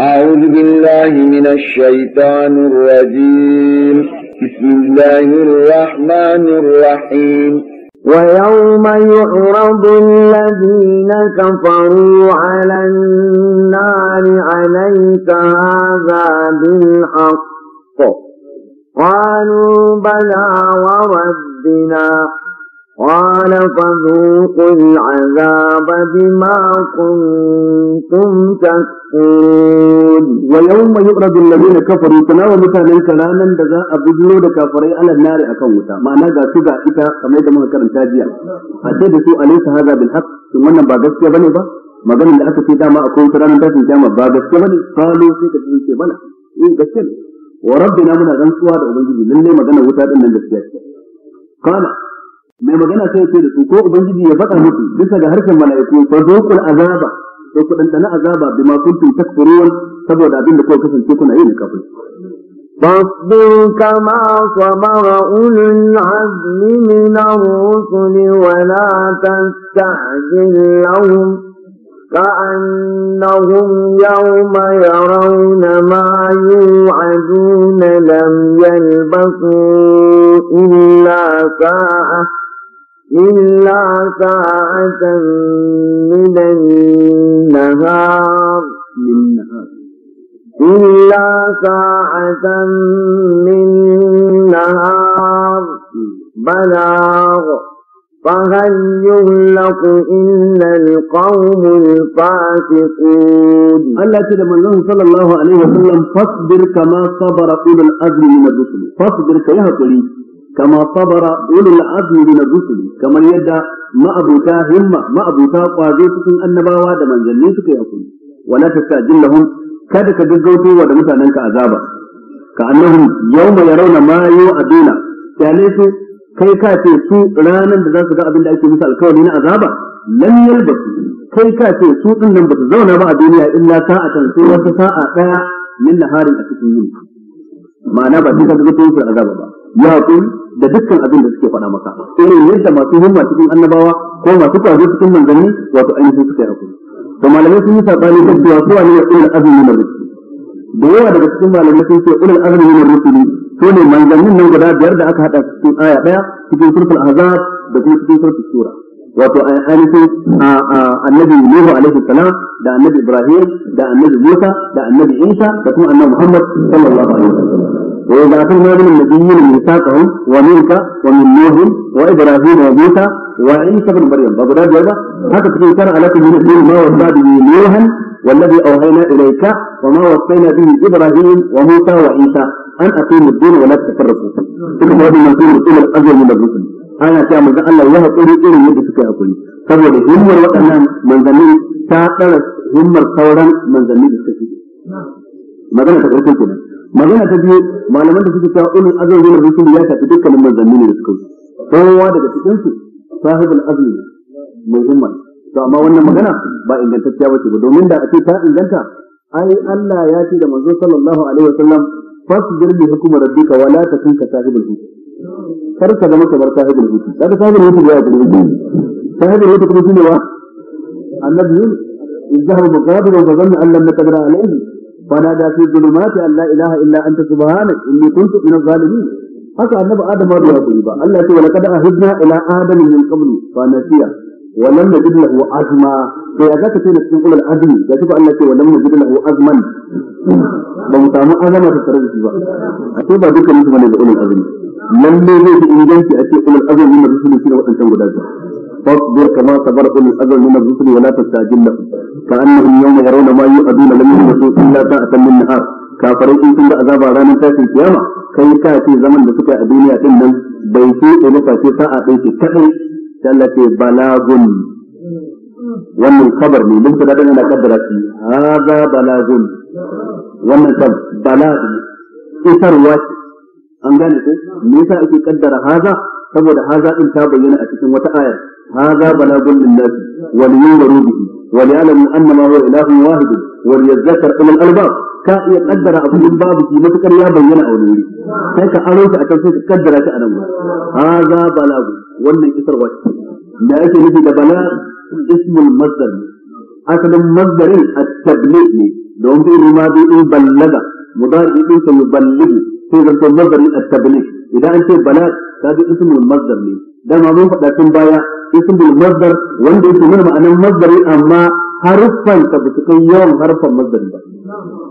أعوذ بالله من الشيطان الرجيم بسم الله الرحمن الرحيم ويوم يعرض الذين كفروا على النار عليك هذا بالحق قالوا بلى وربنا قال فذوقوا العذاب بما كنتم تكفرون ويوم يقرض الذين كفروا تناوى مثلا كلانا دزاء أبجلو دكافري على النار أكون وتا معنى غا سبع إتا كما يدمها كرم تاجيا أتيد سوء أليس هذا بالحق ثم أنا باقس يا بني با ما قال aka ce dama ما أكون ranar دزاء kyama ba gaske bane falo sai ka ce mana in gaske ne wa rabbina muna rantsuwa da ubangiji lalle magana wuta din mai magana sai ce da su ko ubangiji ya faɗa muku bisa ga harshen mala'iku fa zuqul azaba ko ku dan dana azaba bi ma kuntum takfurun saboda abin da ku kasance kuna yi na kafin فاصبر كما صبر أولو العزم من الرسل ولا تستعجل لهم كأنهم يوم يرون ما يوعدون لم يلبثوا إلا ساعة إلا ساعة من النهار إلا ساعة من النهار بلاغ فهل يهلك إلا القوم الفاسقون الله تعالى الله صلى الله عليه وسلم فاصبر كما صبر أولو الأزل من الرسل فاصبر كيها قليل kama sabara ulul ni min ar-rusul kamar yadda ma'abuta himma ma'abuta kwazo cikin annabawa da manzanni suka yi hakuri wala tastajil lahum kada ka gaggauto wa da mutanen ka azaba ka annahum rauna mayo ma yu'aduna kyale su kai ka ce su ranan da za su ga abin da ake musu alkawari na azaba lam yalbasu kai ka ce su din nan ba su zauna ba a duniya illa sa'atan sai wata sa'a daya min naharin a cikin yini ma'ana ba sai ka gaggauto su azaba ba ya hakuri da dukkan abin da suke faɗa maka irin yadda masu himma cikin annabawa ko masu kwazo cikin manzanni wato ainihin suka yi hakuri to malamai sun yi sabani da cewa suwa ne ulul azmi min rusuli da yawa daga cikin malamai sun ce ulul azmi min rusuli su ne manzannin nan guda biyar da aka haɗa cikin aya ɗaya cikin surtul ahzab da kuma cikin surtul sura wato ainihin annabi Nuhu alaihi salam da annabi Ibrahim da annabi Musa da annabi Isa da kuma annabi Muhammad sallallahu alaihi wasallam وإذا أخذنا من النبيين ميثاقهم ومنك ومن نوح وإبراهيم وموسى وعيسى بن مريم بغداد هذا حتى تكون ترى لكم من الدين ما وصى به نوحا والذي أوهينا إليك وما وصينا به إبراهيم وموسى وعيسى أن أقيموا الدين ولا تفرقوا. تلك هذه المنزول الأول من الرسل. ana cewa manzon Allah ya haƙuri irin yadda suka yi haƙuri saboda himmar waɗannan manzanni ta ɗara himmar sauran manzanni da suka fi magana ta ƙarfi kenan magana ta biyu malaman da suka cewa ulul azmi min rusuli ya tafi dukkanin manzanni da suka wuce kowa daga cikin su sahibul azmi mai himma to amma wannan magana ba ingantacciya bace ba domin da a ce ta inganta ai Allah ya ce da manzo sallallahu alaihi wasallam fasbir bi hukmi rabbika wala takun ka sahibul hukm kar ka zama kamar sahibul hutu kaga sahibul hutu ya gudu sahibul hutu kuma shine wa annabi izhabu muqabilan fa dhanna an lam naqdira alayhi فنادى في الظلمات أن لا إله إلا أنت سبحانك إني كنت من الظالمين haka annabi adam ba ya koyi ba Allah ya ce walaqad ahidna ila adam min qabl fa nasiya ولم نجد له عزما to ya zaka ce na cikin ulul azmi da kuma Allah ce walam najid lahu azman ba mu samu azama ta tare da shi ba a ce ba ne da ulul azmi nan zai fi inganci a ce ulul azmi min rusuli فاصبر كما صبر اولي الازل من الرسل ولا تستعجل لهم كانهم يوم يرون ما يؤذون لم يلبسوا الا ساعه من نهار kafarai in sun ga azaba ranar tashin kiyama kai ka ce zaman da suka a duniya din nan bai ce na face sa'a ɗin ce sai Allah ce balagun wannan kabar ne mun da dana kaddara shi haza balagun wannan sab balag isarwa ce an gane ko me yasa ake kaddara haza saboda haza din ta bayyana a cikin wata aya haza balagun lin nasi wal yunzaru bihi wal ya'lamu annama huwa ilahun wahid wal yadhakkar ulul albab ka iya kaddara abu in babu shi matukar ya bayyana a wani wuri sai ka aro shi a can sai ka kaddara shi a nan haza balagun wannan isar wacce da ake nufi da bala ismul masdar asalin masdarin at-tabligh ne Da don bi ma bi in ballaga mudari din sa yuballighu sai zan to masdarin at-tabligh idan an ce bala ta bi ismul masdar ne da ma mun faɗa tun baya ismul masdar wanda yake nuna ma'anar masdari amma harfan ta ba su kai yawan haruffan masdari ba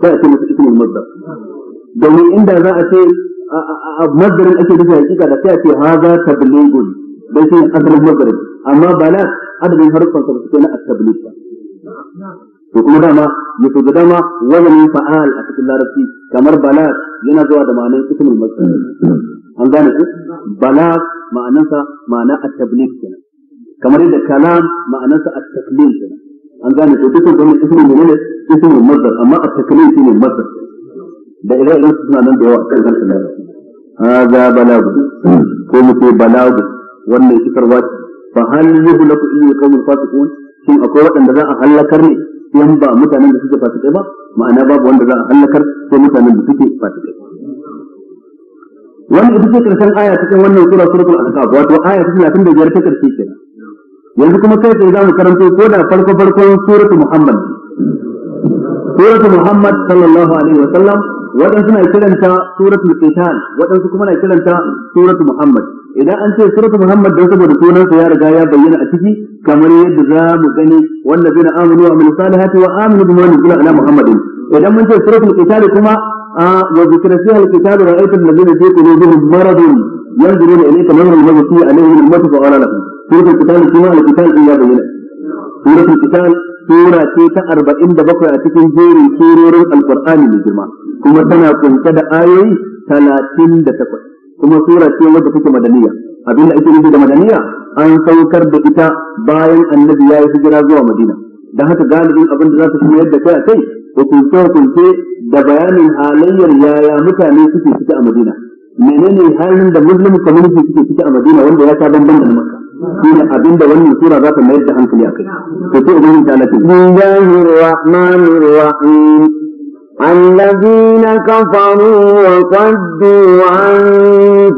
sai ake ce masa ismul masdar domin inda za a ce a masdarin ake nufi hakika da sai a ce haza tablighun dan shi adadin magrib amma bala adadin harfan sa suke na at-tabliq ba to kuma dama ya fi dama wazanin fa'al a cikin larabci kamar bala yana zuwa da ma'anar ismul masdar an gane ku bala ma'anarsa ma'ana at-tabliq kenan kamar yadda kalam ma'anarsa at-taklim kenan an gane ku dukkan wannan ismul menene ismul masdar amma at-taklim shine masdar da ire-iren suna nan da yawa a cikin larabci هذا بلاغ ko mu ce balagu wannan shikarwa ce fa hal yuhlaku illa alqawmul fasiqun shin akwai waɗanda za a halakar ne in ba mutanen da suke fasike ba ma'ana babu wanda za a halakar sai mutanen da suke fasike. wannan ita ce karshen aya cikin wannan sura suratul ahqaf wato aya ta 35 ta karshe kenan yanzu kuma kai sai zamu karanto ko da farko farkon suratul muhammad suratul muhammad sallallahu alaihi wa sallam wadansu na kiranta suratul qital wadansu kuma na kiranta suratul muhammad idan an ce suratu muhammad dan saboda sunansa ya riga ya bayyana a ciki kamar yadda za mu gani wallazina amanu wa amilu salihati wa amanu bima kula ala muhammadin idan mun ce suratul qital kuma wa zikra fiha al-qital ra'aytu allazina fi qulubihim maradun yanzuruna ilayka nazara al-mabti alayhim al-maut fa qala lahum suratul qital kuma al-qital ya bayyana suratul qital sura ce ta 47 a cikin jerin surorin alqur'ani mai girma kuma tana kunshe da ayoyi 38 kuma sura ce wadda take madaniya abin da ake nufi da madaniya an saukar da ita bayan annabi ya yi hijira zuwa madina da haka galibin abin da za ta kuma yadda kai a kai hukunce hukunce da bayanin halayyar yaya mutane suke suke a madina menene halin da muslim community suke suke a madina wanda ya sha bamban da makka shine abin da wannan sura za ta mayar da hankali a kai to sai ubangiji ta lafiya bismillahir rahmanir rahim الذين كفروا وصدوا عن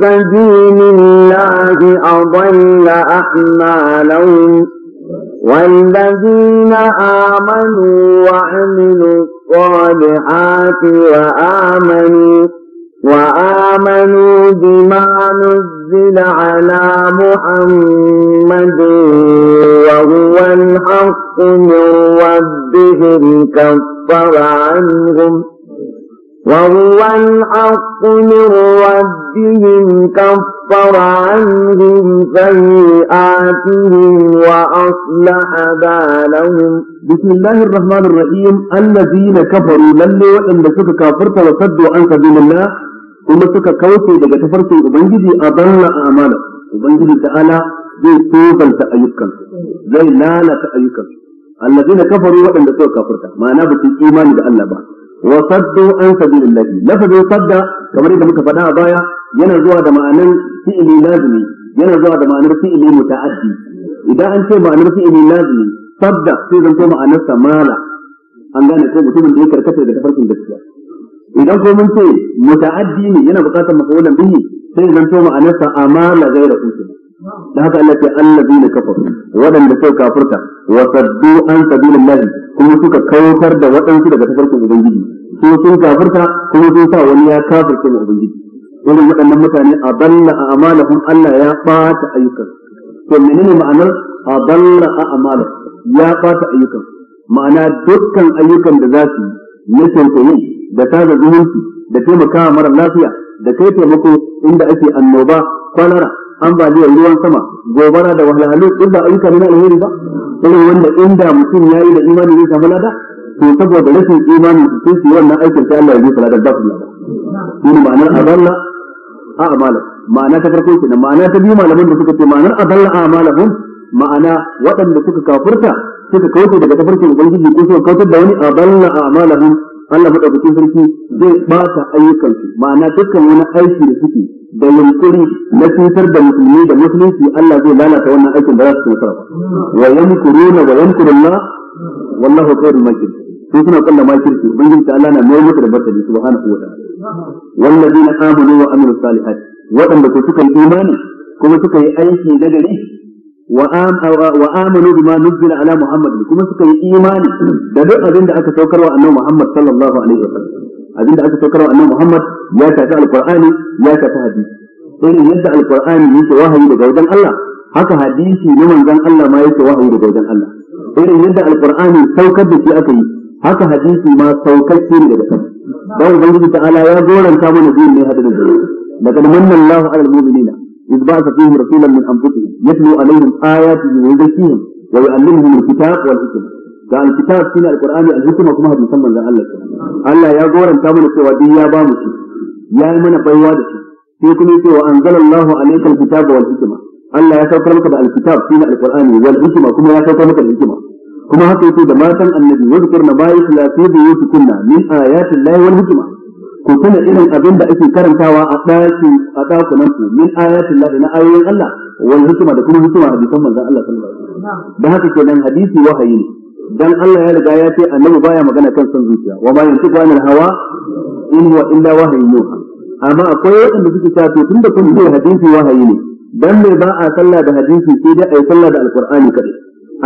سبيل الله أضل أعمالهم والذين آمنوا وعملوا الصالحات وآمنوا وآمنوا بما نزل على محمد وهو الحق من ربهم كفر كفر عنهم وهو الحق من ربهم كفر عنهم سيئاتهم وأصلح بالهم بسم الله الرحمن الرحيم الذين كفروا للي وإن سك كافرت وصدوا عن سبيل الله kuma suka kauce daga كفرت وبنجدي أضل أعمالك وبنجدي تعالى Ubangiji ta'ala zai tozalta لا zai lalata na kafaru waɗanda suka kafarta, ma'ana ba su imani da Allah ba wa saddu an sabilillah lafazin sadda kamar yadda muka faɗa a baya yana zuwa da ma'anar fi'ili lazimi yana zuwa da ma'anar fi'ili muta'addi idan an ce ma'anar fi'ili lazimi sadda sai zan ko ma'anar samala an gane ko mutumin da ya karkata daga tafarkin gaskiya idan ko mun ce yana buƙatar mafulan bihi sai zan to ma'anar sa amala ghayra usula da haka Allah ce allazi ne kafa waɗanda suka kafurka, wa saddu an sabilillahi kuma suka kautar da waɗansu daga tafarkin ubangiji su sun kafirta kuma sun sa wani ya kafirce wa ubangiji irin waɗannan mutane a balla a amalahum Allah ya ɓata ayyukan to menene ma'anar a balla a amalah ya ɓata ayyukan ma'ana dukkan ayyukan da za su yi na shirkoyi da sada zumunci da taimakawa mara lafiya da kai taimako inda ake annoba kwalara ambaliyar ruwan sama gobara da wahalhalu inda ba ayyuka ne na alheri ba irin wanda inda mutum ya yi da imani zai samu lada to saboda rashin imani sai su wannan aikin sai Allah ya bi saladar ba su lada shi ne ma'anar azalla a amala ma'ana ta farko kenan ma'ana ta biyu malaman da suka ce ma'anar adalla a amalahum ma'ana waɗanda suka kafurta suka kauce daga tafarkin ubangiji ko suka kautar da wani adalla a amalahum Allah madaukakin sarki zai bata ayyukansu ma'ana dukkan wani aiki da suke da yunkuri na cutar da musulmi da musulunci Allah zai lalata wannan aikin da za su nasara wa yamkuruna wa yamkurullah wallahu khairul makir su suna kulla makirci ubangiji ta Allah na mai musu da barkati subhanahu wa ta'ala wallazina amanu wa amilus salihat waɗanda ko suka imani kuma suka yi aiki na gari wa amanu bima nuzila ala muhammad kuma suka yi imani da duk abin da aka saukar wa annabi muhammad sallallahu alaihi wa sallam abinda aka saukar wa annabi Muhammad ya shafi alqur'ani ya shafi hadisi irin yadda alqur'ani yake wahayi daga wajen Allah haka hadisi na manzon Allah ma yake wahayi daga wajen Allah irin yadda alqur'ani saukar da shi aka yi haka hadisi ma saukakke ne daga sama dan ubangiji ta'ala ya goranta mana din ne hada da zuwa laqad manna Allahu 'alal mu'minina إذ بعث فيهم رسولا من أنفسهم يتلو عليهم آياته ويزكيهم ويعلمهم الكتاب والحكمة ga alkitab shine alqur'ani alhikma kuma hadisan manzon Allah Allah ya goranta mana cewa duk ya ba mu shi ya yi mana baiwa da shi sai kuma yace wa anzalallahu alayka alkitaba wal hikma Allah ya saukar maka da alkitab shine alqur'ani wal hikma kuma ya saukar maka da hikma kuma haka yake da matan annabi wa zikrna bayyana la fi buyutikunna min ayati llahi wal hikma ku tuna irin abin da ake karantawa a ɗaki a ɗakunan ku min ayatin lahi na ayoyin Allah wal hikma da kuma hikima hadisan manzon Allah sallallahu alaihi wasallam da haka kenan hadisi wahayi ne dan Allah ya riga ya ce annabi baya magana kan son zuciya wa ma yantiqu anil hawa in huwa illa wahyun yuha amma akwai waɗanda suke cewa to tunda kun yi hadisi wahayi ne dan me ba a sallah da hadisi sai dai ai sallah da alqur'ani kadai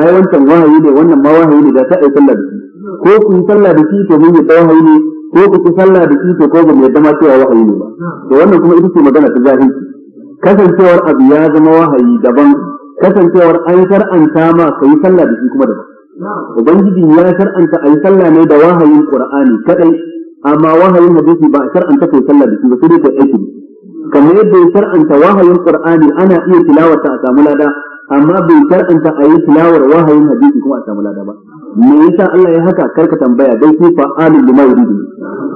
ai wancan wahayi ne wannan ma wahayi ne da ta ai sallah da shi ko ku yi sallah da shi to mun yi wahayi ne ko ku yi sallah da shi to ko ba mu dama cewa wahayi ne ba to wannan kuma ita ce magana ta zahiri kasancewar abu ya zama wahayi daban kasancewar an shar'anta ma kai sallah da shi kuma daban ubangiji ya shar'anta yi sallah ne da wahayin qur'ani kadai amma wahayin hadisi ba shar'anta kai sallah da shi ba sai dai aiki kamar yadda ya shar'anta wahayin qur'ani ana iya tilawarta a samu lada amma bai shar'anta ayi tilawar wahayin hadisi kuma a samu lada ba me yasa Allah ya haka karka tambaya dan shi fa'alul lima yuridu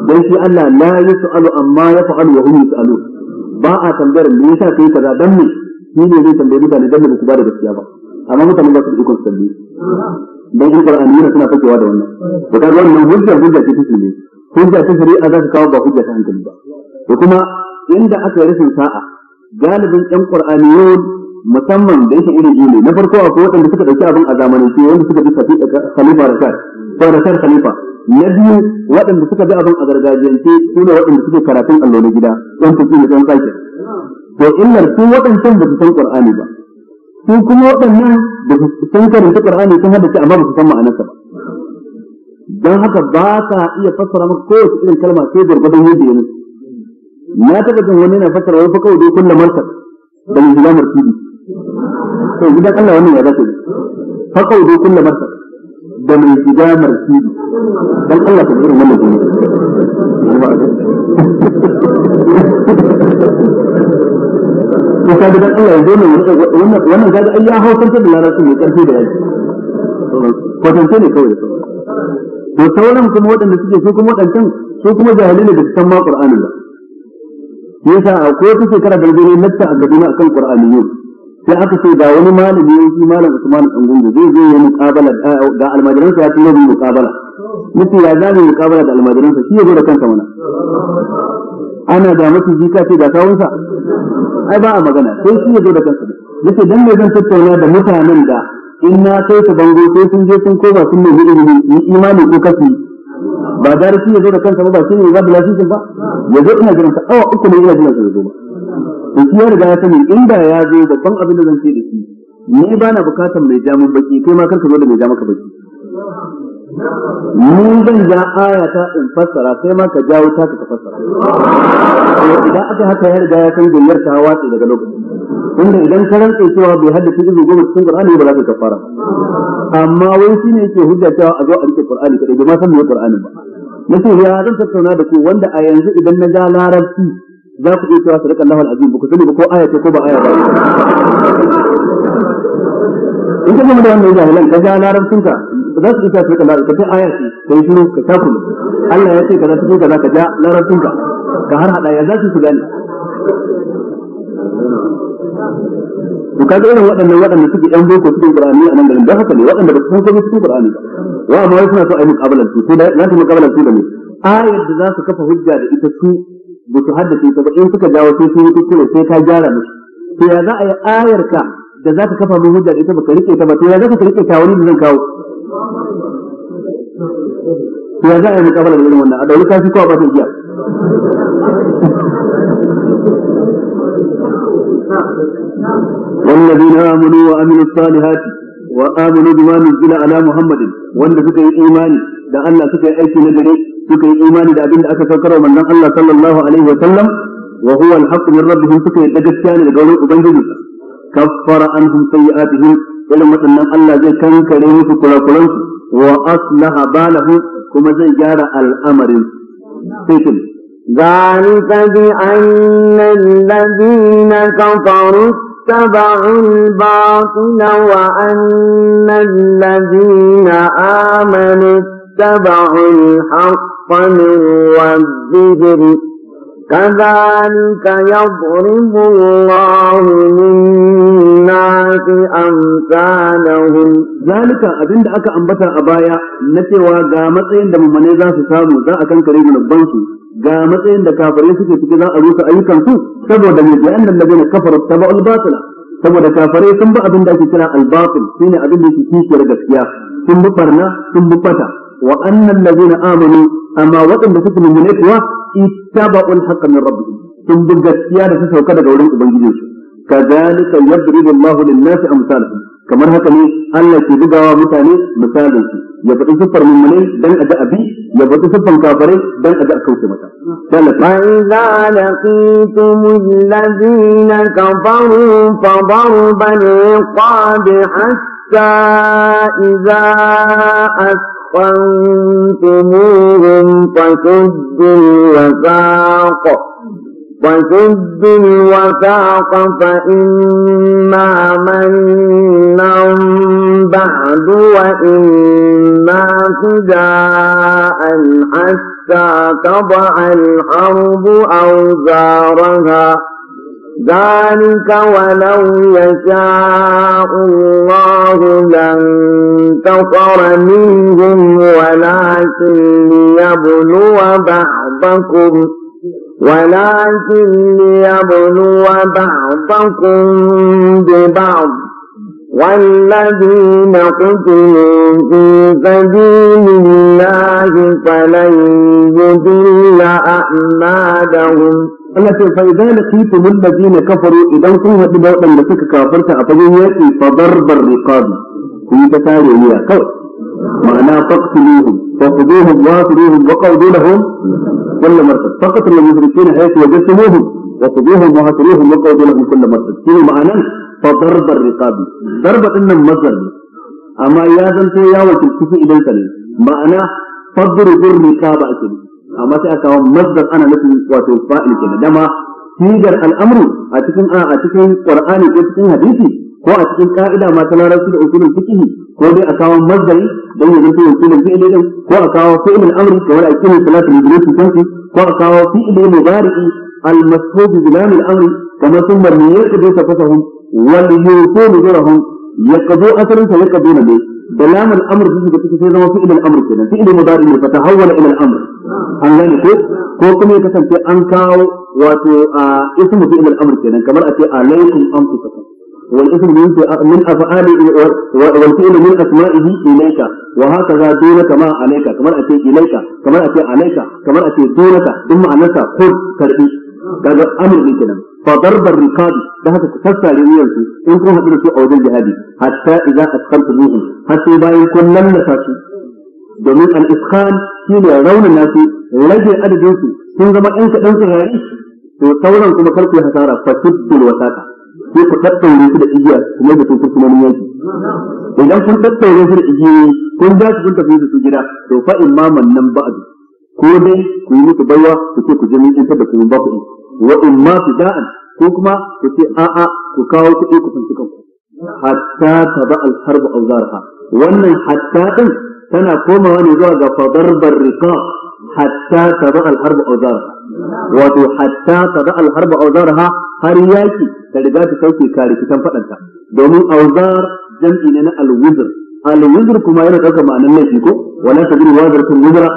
Don shi Allah la yus'alu amma yaf'alu wa hum yus'alun ba a tambayar me yasa kai kaza dan me shi ne zai tambaye mutane dan ba ku ba da gaskiya ba amma mutane ba su ikon tambaye dan in qur'ani yana suna fakewa da wannan to kaga wannan hujja hujja ce ta sunne hujja ta shari'a za ka kawo ba hujja ta hankali ba to kuma inda aka yi rashin sa'a galibin ɗan qur'aniyon musamman da yake irin ne na farko a akwai waɗanda suka ɗauki abin a zamanin zamanance wanda suka bi eh, khalifa rashad ko rashad khalifa na biyu waɗanda suka bi abin a gargajiyance su ne waɗanda suke karatun allo na gida ɗan fuki da ɗan sake to illar su waɗancan ba su san qur'ani ba su kuma waɗannan da su san karanta Qur'ani sun haddace amma ba su san ma'anarsa ba dan haka ba sa iya fassara maka kowace irin kalma sai gaban yadda ya nufi na taɓa jin wani yana fassara wai fa kawai dai kullum marsa da mai gida martidi to gidan Allah wannan ya dace fa kawai dai kullum marsa da mai gida martidi dan Allah ta irin wannan ne In ka kaga dan Allah yanzu ne wannan wannan kaga ai ya hausanta da larabci mai karfi da yaki kwatance ne kawai to sauran kuma waɗanda suke su kuma waɗancan su kuma jahilai ne da san ma Qur'anin ba yasa akwai wata shekara da na nacca a Kaduna akan Qur'ani yau sai aka ce ga wani malami yau shi malam Usman Angungu zai zo yi muqabala ga almajiransa ya tuno muqabala mutum ya zame muqabala da almajiransa shi ya zo da kansa mana ana da mutu jika ce ga kawunsa ai ba a magana sai shi ya zo da kansa yace dan mai zan tattauna da mutanen da in na kai su bango sai sun je sun koma sun nemi ilimi ni imani ko kafi ba da shi ya zo da kansa ba ba shi ne ba da lasisin ba ya zo ina jiran ta awa uku ne ina jiran ta zo ba to shi ya riga ya sani inda ya zo ban abin da zan ce da shi ni ba na bukatar mai jamin baki kai ma karka zo da mai ja baki Mun zan ja aya ta in fassara sai ma ka jawo ta ka fassara idan aka haka ya riga ya san duniyar ta watsi daga lokacin inda idan ka rantsa cewa bai haddace izu goma cikin Qur'ani ba za ka kafara amma wai shine yake hujja cewa a zo a rike Qur'ani kadai bai ma san me Qur'ani ba yace ya zan tattauna da ku wanda a yanzu idan na ga larabci za ku iya cewa sadaqa Allahu al-azim ba ku sani ba ko aya ce ko ba aya ba in ka gama da wannan jahilan ka ga ka. za su isa su kaza ka ta aya ce kai shiru ka ta kuma Allah ya ce kaza su kaza ka ja larabcin ka ka har hada ya za su gane to kaga irin waɗannan waɗanda suke yan boko cikin Qur'ani a nan garin don haka ne waɗanda ba su san komai cikin Qur'ani ba wa amma wai suna so a yi muqabalar su sai za su muqabalar su da ne ayar da za su kafa hujja da ita su ba su haddace ta ba in suka jawo sai sun yi kuskure sai ka gyara musu to ya za a yi ayar ka da za ka kafa min hujja da ita ba ka rike ta ba to ya za ka rike ta wani da zan kawo ya za a yi mukabala da irin wannan a ɗauki kafi kowa ba ta iya والذين آمنوا وعملوا الصالحات وآمنوا بما نزل على محمد وأن تكي إيماني دا أن تكي أي شيء ندري تكي إيماني دا أبين دا أكثر من الله صلى الله عليه وسلم وهو الحق من ربهم تكي لجسيان لقوله أبنجل كفر عنهم سيئاتهم ولم تنم الله زي كان كريم في كل وأصلح باله كما زي جار الأمر سيكل ذلك بأن الذين كفروا اتبعوا الباطل وأن الذين آمنوا اتبعوا الحق من ربهم كذلك يضرب الله للناس أمثالهم ذلك أبين دا أكا أنبتا أبايا نتوى غامتين دا ممنزا سسامو دا أكا كريم نبانسو غامتين دا كافرين سكي سكي دا أروس أيكا سو سبو دا لأن الذين كفروا اتبعوا الباطل saboda kafarai sun bi abin da ake kira al-batil shine abin da yake kishiyar gaskiya sun bi barna sun bi bata wa annal ladina amanu amma waɗanda suka mummune kuwa ittaba'ul haqqa min rabbihim sun bi gaskiya da ta sauka daga wurin ubangiji ubangijinsu kadhalika yadribu Allahu lin-nasi amsalahum kamar haka ne Allah ke bugawa mutane misalin su ya faɗi siffar mummunai dan a abi ya faɗi siffar kafare dan a ji a kauce mata فإذا لقيتم الذين كفروا فضرب الرقاب حتى إذا أس أتقنتموهم فشدوا الوثاق فشدوا الوثاق فإما منا بعد وإما فداء حتى تضع الحرب أوزارها ذلك ولو يشاء الله لانتصر منهم ولكن ليبلو بعضكم ولكن ليبلو بعضكم ببعض والذين قتلوا في سبيل الله فلن يضل أعمالهم التي فإذا لقيتم الذين كفروا إذا انتوا هدبوا أن لسك كافرت أفجوه يأتي فضرب الرقاب هي تتالي هي كو معنى تقتلوهم فأخذوهم وافروهم وقعدوا لهم كل مرتب فقط المشركين حيث يجسموهم فأخذوهم وافروهم وقعدوا لهم كل مرتب كل معنى فضرب الرقاب ضربة إن المزل أما يا زنتي يا وجل كفي إليك معنى فضرب الرقاب أكبر amma sai aka kawo masdar ana nufin wato fa'il kenan dama sigar al'amru a cikin a cikin qur'ani ko cikin hadisi ko a cikin ka'ida ma ta larabci da usulul fiqh ko dai a kawo masdari dan ya zanto usulul fi'li din ko a kawo fi'il al'amri kamar a cikin salatul iblis kanki ko a kawo fi'il mudari'i al-mashhud bi lam al-amri kama thumma yaqdi tafasahum wal yuqulu durahum yaqdu asran fa yaqduna bi da lamun amr da suka tafi sai zama fi'il al-amr kenan fi'il mudari ne fata hawwala ila al-amr an gane ko ko kuma ya kasance an kawo wato ismu fi'il al-amr kenan kamar a ce alaykum anfusakum والاسم من افعال والفعل من اسمائه اليك وهكذا دونك ما عليك كما اتي اليك كما اتي عليك كما اتي دونك duk انك خذ كربي كذا امر من kenan. fa darbar riqabi da haka ku tassare wuyan su in kun haɗu da su a wajen jihadi hatta idza asqantumuhum har sai bayan kun lallasa su domin al-isqan shine raunin nasu rage adadin su sun zama ɗan kaɗan tsirari to kuma kar ku yi hasara fa tuddul wasata sai ku tattaure su da igiya kuma da sun kurkunonin yanki idan kun tattaure su da igiyoyi kun ja su tafi gida to fa nan ba'adu ko dai ku yi baiwa ku ce ku je mun da ku وإن ما في داءً حكمة تسيء آآ كاو تسيء كفن حتى تبع الحرب أوزارها وأن حتى إن سنة كما نزاد فضرب الرقاب حتى تبع الحرب أوزارها وتو حتى تبع الحرب أوزارها هرياكي تلقاتي صوتي كاري في كم فتنك أوزار جمعي لنا الوزر al kuma yana daukar ma'anar laifi ko wala tadri wazratun wizra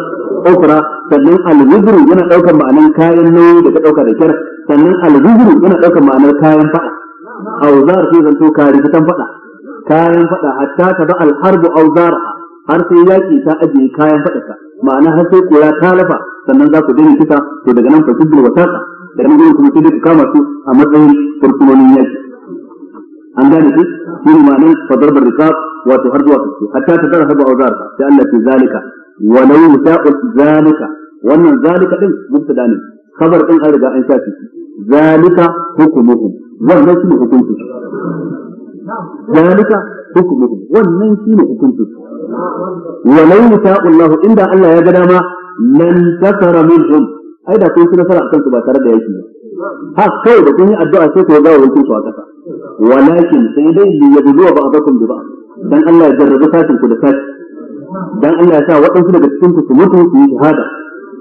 ukra sannan al yana daukar ma'anar kayan nauyi da ka dauka da kyar sannan al yana daukar ma'anar kayan fada awzar sai zanto kari fitan fada kayan fada hatta ta da al-harb awzara har sai yaki ta ajiye kayan fada ma'ana har sai kura ta lafa sannan za ku daina kisa to daga nan fasibul da daga nan kuma sai kama su a matsayin fursunonin yaki an gane shi يوم ما نمت فضرب الركاب وتهرب وتسي حتى تذهب أوزارها لأن في ذلك ولو تأخذ ذلك وأن ذلك إن مبتداني خبر إن أرجع إن شاكي ذلك حكمهم وأن شيء حكمته ذلك حكمهم وأن شيء حكمته ولو تأخذ الله إن دع الله يا جدامة لن تكر منهم أيضا كنت نفرع كنت بأترد يا شيخ ها خير كنت أدعى شيخ وقال وانتم سواء كثير walakin sai dai ba ba kun da ba dan Allah ya jarrabe sakin ku da sakin dan Allah ya sa waɗansu daga cikin ku su mutu su yi shahada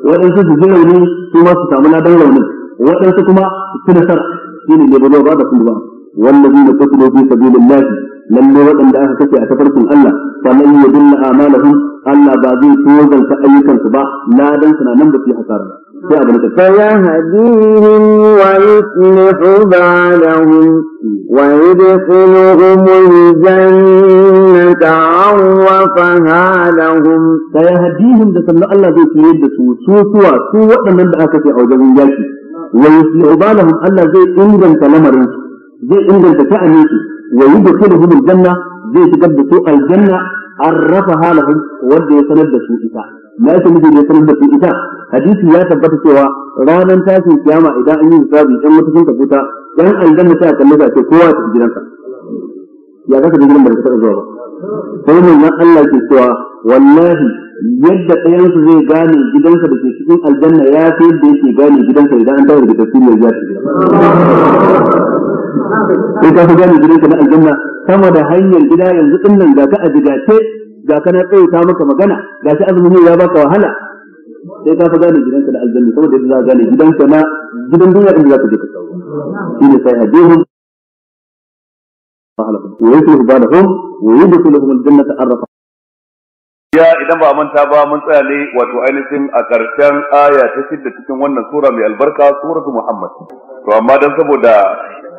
waɗansu su ji rauni su ma su samu ladan raunin waɗansu kuma su nasara shine yabluwa ba'dakum bi ba'd والذين قتلوا في سبيل Nan lalle waɗanda aka kace a tafarkin Allah falan yudilla amalahum Allah ba zai tozanta ayyukansu ba ladan suna nan ba su hasara فيهديهم ويصلح بالهم ويدخلهم الجنة عرفها لهم فيهديهم ده سنة الله ذي سيد سوى سوى سوى وأنا من دعاك في عوجه ياكي ويصلح بالهم الله ذي إنجن تلمرنس ذي إنجن تكأنيس ويدخلهم الجنة ذي تقبل الجنة An rafa halahum wanda ya sanar da su ita na yake miji ne sanar da su ita hadisi ya tabbata cewa ranar tashin kiyama idan an yi hisabi dan wata sun kafuta dan aljanna sai a kalle ce kowa ta gidansa ya kaka da gidan barka ta zo ba sai mun Allah ke cewa wallahi yadda ɗayansu zai gane gidansa da ke cikin aljanna ya fi yadda yake gane gidansa idan an dawo daga tafsiri ya ji sai ka fi gane gidanka na aljanna sama da hanyar gida yanzu din nan ga ka a jigace ga ka na ta maka magana ga shi azumin ya baka wahala sai ka fi gane gidanka na aljanna sama da yadda za ka gane gidanka na gidan duniya inda za ka je ka samu shi ne sai hadihun ويصلح ويدخلهم الجنة عرفها ya idan ba manta ba mun tsaya ne wato ainihin a ƙarshen aya ta shidda cikin wannan sura mai albarka suratu Muhammad to amma don saboda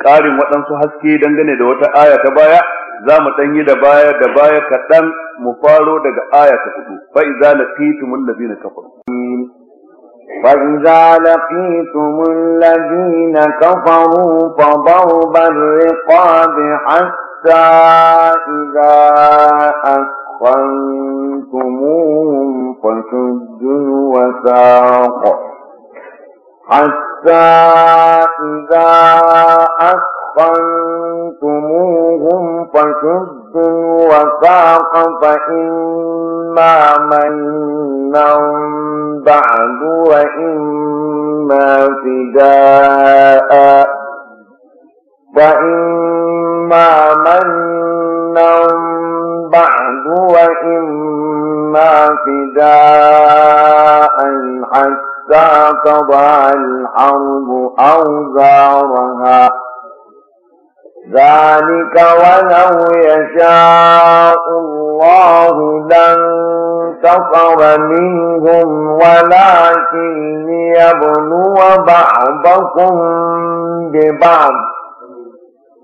ƙarin waɗansu haske dangane da wata aya ta baya za mu ɗan yi da baya da baya kaɗan mu faro daga aya ta hudu fa iza laqitumul ladina kafaru فإذا لقيتم الذين كفروا فضرب الرقاب حتى إذا أسلموا أثخنتموهم فشدوا الوثاق حتى إذا أثخنتموهم فشدوا الوثاق فإما منا بعد وإما فداء وإما منا بعد وإما فداء حتى تضع الحرب أوزارها ذلك ولو يشاء الله لانتصر منهم ولكن ليبلو بعضكم ببعض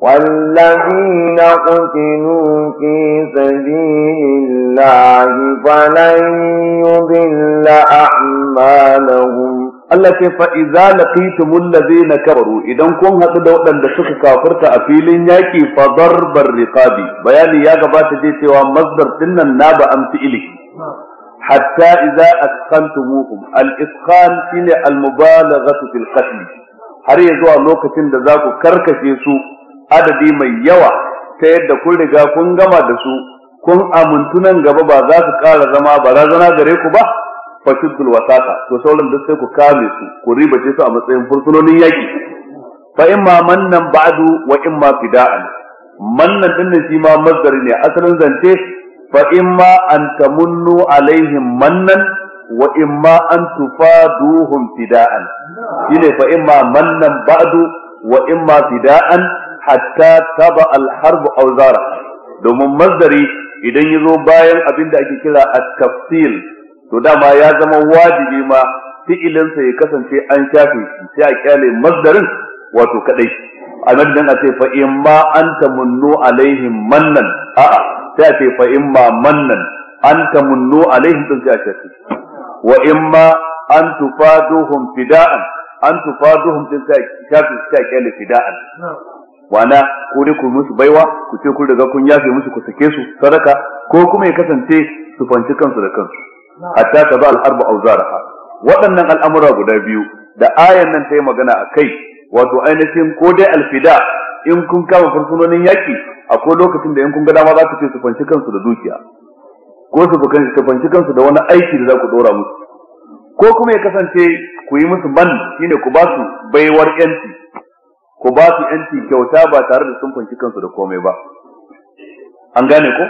والذين قتلوا في سبيل الله فلن يضل أعمالهم التي فإذا لقيتم الذين كفروا إذا كون هذا دو أن دشك كافر كأفيل يأكي فضرب الرقاب بيان يا جبات جيت ومصدر تنا الناب أم تئلي حتى إذا أتقنتموهم الإتقان إلى المبالغة في القتل حريزوا لوكتين دزاكو كركشيسو adadi mai yawa ta yadda kun riga kun gama da su kun amintu nan gaba ba za su ƙara zama barazana gare ku ba fashidul wasata to sauran duk sai ku kame su ku ribace su a matsayin fursunonin yaki fa ma mannan ba'du wa in ma fida'an mannan din shi ma masdari ne asalin zance fa imma an tamunnu alaihim mannan wa ma an tufaduhum fida'an shine fa ma mannan ba'du wa in ma fida'an hatta taba alharbu auzara domin masdari idan ya zo bayan abin da ake kira at-tafsil to dama ya zama wajibi ma fi'ilinsa ya kasance an shafe shi sai a kyale masdarin wato kadai a madadin a ce fa in ma anta munnu alaihim mannan a'a sai a ce fa in ma mannan anta munnu alaihim din sai a shafe wa in ma an tufaduhum fida'an an tufaduhum din sai a shafe sai a kyale fida'an Wana ko dai ku musu baiwa ku ce kun riga kun yafe musu ku sake su sadaka ko kuma ya kasance su fanci kansu da kansu hatta ta ba al'arba zaraha waɗannan al'amura guda biyu da ayan nan ta yi magana a kai wato ainihin ko dai alfida in kun kama fursunonin yaƙi akwai lokacin da in kun ga dama za ku ce su fanci kansu da dukiya ko su fanci kansu da wani aiki da za ku ɗora musu ko kuma ya kasance ku yi musu ban shine ku ba su baiwar yanci ku ba su yanci kyauta ba tare da sun fanci kansu da komai ba an gane ko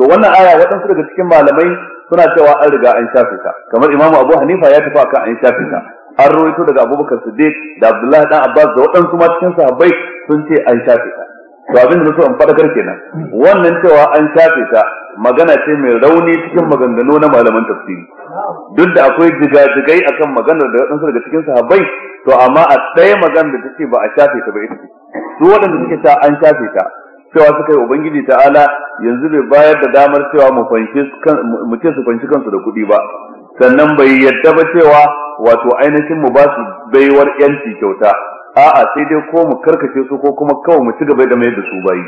to wannan aya waɗansu daga cikin malamai suna cewa an riga an shafe ta kamar imamu abu hanifa ya tafi akan an shafe ta an rawaito daga abubakar siddiq da abdullahi dan abbas da waɗansu ma cikin sahabbai sun ce an shafe ta to abin da so in fadakar kenan wannan cewa an shafe ta magana ce mai rauni cikin maganganu na malaman tafsiri duk da akwai jigajigai akan maganar da waɗansu daga cikin sahabbai to amma a ɗaya maganar da take ba a shafe ta ba ita su waɗanda suke ta an shafe ta cewa suka yi ubangiji ta'ala yanzu bai bayar da damar cewa mu ce su fanshi kansu da kuɗi ba sannan bai yadda ba cewa wato ainihin mu ba su baiwar yanci kyauta a'a sai dai ko mu karkace su ko kuma kawai mu ci gaba da mai da su bayi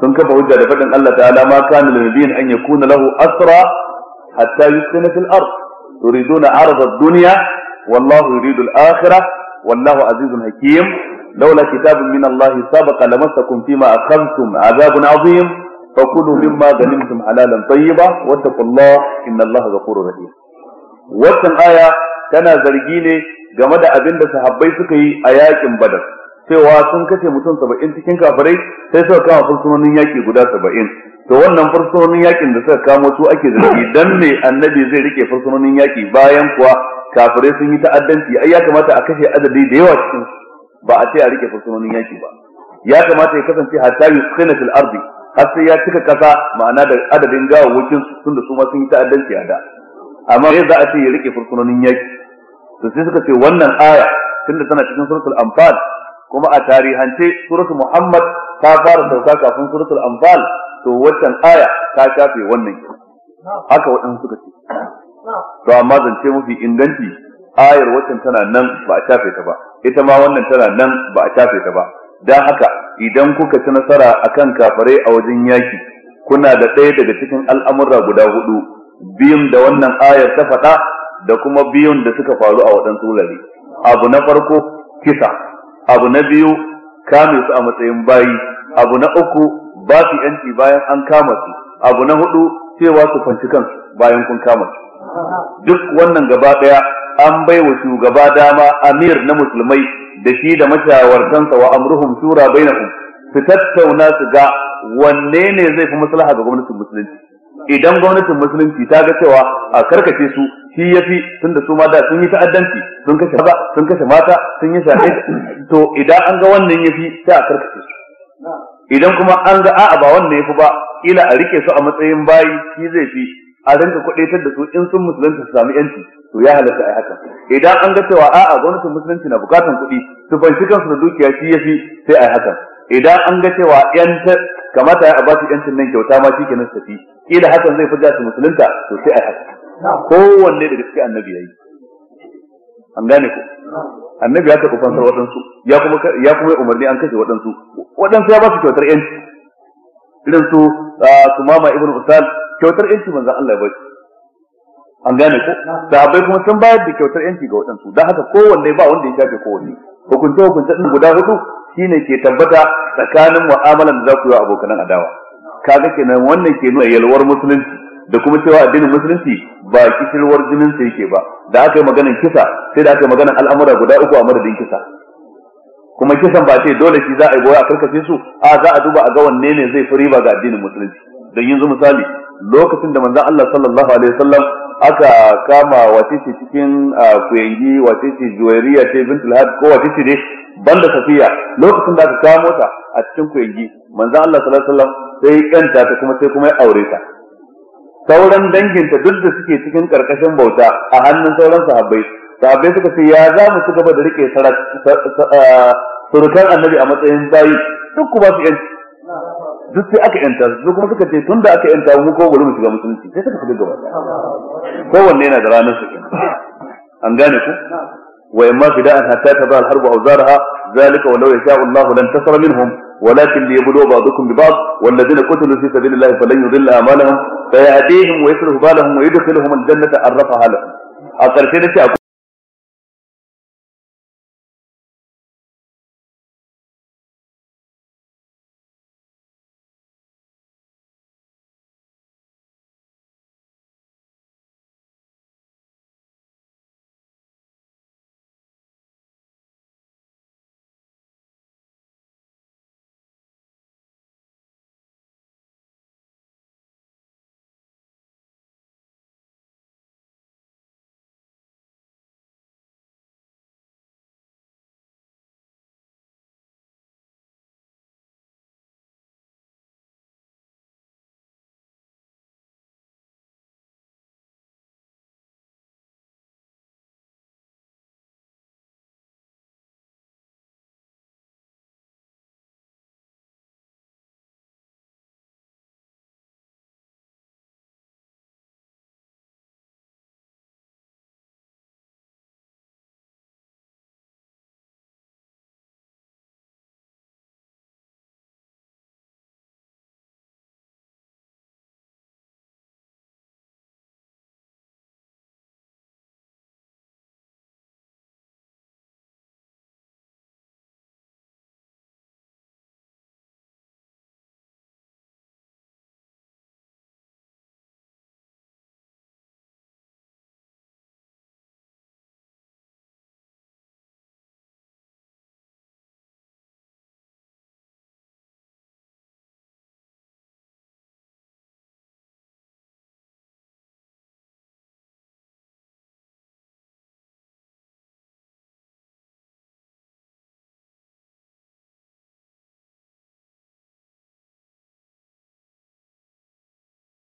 sun kafa hujja da faɗin Allah ta'ala ma kana lil nabiyyin an yakuna lahu asra hatta yusna fil ard turiduna arda dunya wallahu yuridu akhira. akhirah wallahu azizun hakim laula kitabun min Allah sabaqa lamastakum fima aqamtum azabun azim fakulu mimma ghanimtum halalan tayyiba wattaqullaha innallaha ghafurur rahim wannan aya tana zargi ne game da abin da sahabbai suka yi a yakin badar cewa sun kashe mutum saba'in cikin kafirai sai suka kama fursunonin yaki guda saba'in to wannan fursunonin yakin da suka kama su ake zargi dan me annabi zai rike fursunonin yaki bayan kuwa kafirai sun yi ta'addanci ai ya kamata a kashe adadi da yawa cikin ba a ce a rike fursunonin yaki ba ya kamata ya kasance hatta yusqina fil ardi har sai ya cika kasa ma'ana da adadin gawawwakin su tunda su ma sun yi ta'addanci a da amma me za a ce ya rike fursunonin yaki to sai suka ce wannan aya tunda tana cikin suratul anfal kuma a tarihance suratul muhammad ta fara sauka kafin suratul anfal to waccan aya ta shafe wannan haka waɗansu suka ce to amma zance mafi inganci ayar waccan tana nan ba a shafe ta ba ita ma wannan tana nan ba a shafe ta ba dan haka idan kuka ci nasara akan kafare a wajen yaki kuna da ɗaya daga cikin al'amura guda hudu biyun da wannan ayar ta faɗa da kuma biyun da suka faru a waɗansu wurare abu na farko kisa abu na biyu kame su a matsayin bayi abu na uku ba su yanci bayan an kama su abu na hudu cewa su fanci kansu bayan kun kama su duk wannan gaba ɗaya an bai wa shugaba dama amir na musulmai da shi da mashawartansa wa amruhum shura bainahum su tattauna su ga wanne ne zai fi maslaha ga gwamnatin musulunci idan gwamnatin musulunci ta ga cewa a karkace su shi yafi tunda su ma da sun yi ta'addanci sun kashe maza sun kashe mata sun yi shafe to idan an ga wannan yafi sai a karkace su idan kuma an ga a'a ba wannan yafi ba ila a rike su a matsayin bayi shi zai fi a rinka kuɗaitar da su in sun musulunta su sami yanci to ya halatta a haka idan an ga cewa a'a gwamnatin musulunci na bukatan kuɗi su banci kansu da dukiya shi yafi sai a haka idan an ga cewa yan kamata ya a ba su yancin nan kyauta ma shi kenan su ila kila hakan zai fi ja su musulunta to sai a haka kowanne da gaske annabi yayi an gane ku annabi ya taɓa fansar waɗansu ya kuma ya kuma umarni an kashe waɗansu waɗansu ya ba su kyautar yanci irin su su mama ibnu usal kyautar yanci manzon Allah ya ba shi an gane ku sahabbai kuma sun bayar da kyautar yanci ga waɗansu dan haka kowanne ba wanda ya shafe kowanne hukunta hukunta ɗin guda hudu shine ke tabbata tsakanin mu'amalan da za ku yi wa abokanan adawa kaga kenan wannan ke nuna yalwar musulunci da kuma cewa addinin musulunci ba kishirwar jinin sa yake ba da aka yi maganar kisa sai da aka yi maganar al'amura guda uku a madadin kisa kuma kisan ba sai dole shi za a yi goya a karkace su a za a duba a ga wanne ne zai fi riba ga addinin musulunci don yanzu misali lokacin da manzon Allah sallallahu alaihi wasallam aka kama wace ce cikin kuyangi wace ce juwariya ce bintul had ko wace ce dai banda safiya lokacin da aka kamo ta a cikin kuyangi manzon Allah sallallahu alaihi wasallam sai kanta ta kuma sai kuma ya aure ta sauran danginta duk da suke cikin karkashin bauta a hannun sauran sahabbai sahabbai suka ce ya za mu ci gaba da rike surukan annabi a matsayin bayi duk ku ba su yanci duk sai aka yanta su kuma suka ce tun da aka yanta mu ko bari mu shiga musulunci sai suka shiga gaba wanne yana da ranar su an gane ku wa yamma fida'an hatta tabal harbu awzarha zalika wa law yasha'u Allahu lan tasara minhum ولكن ليبلو بعضكم ببعض والذين قتلوا في سبيل الله فلن يضل اعمالهم فياتيهم ويصرف بالهم ويدخلهم الجنه عرفها لهم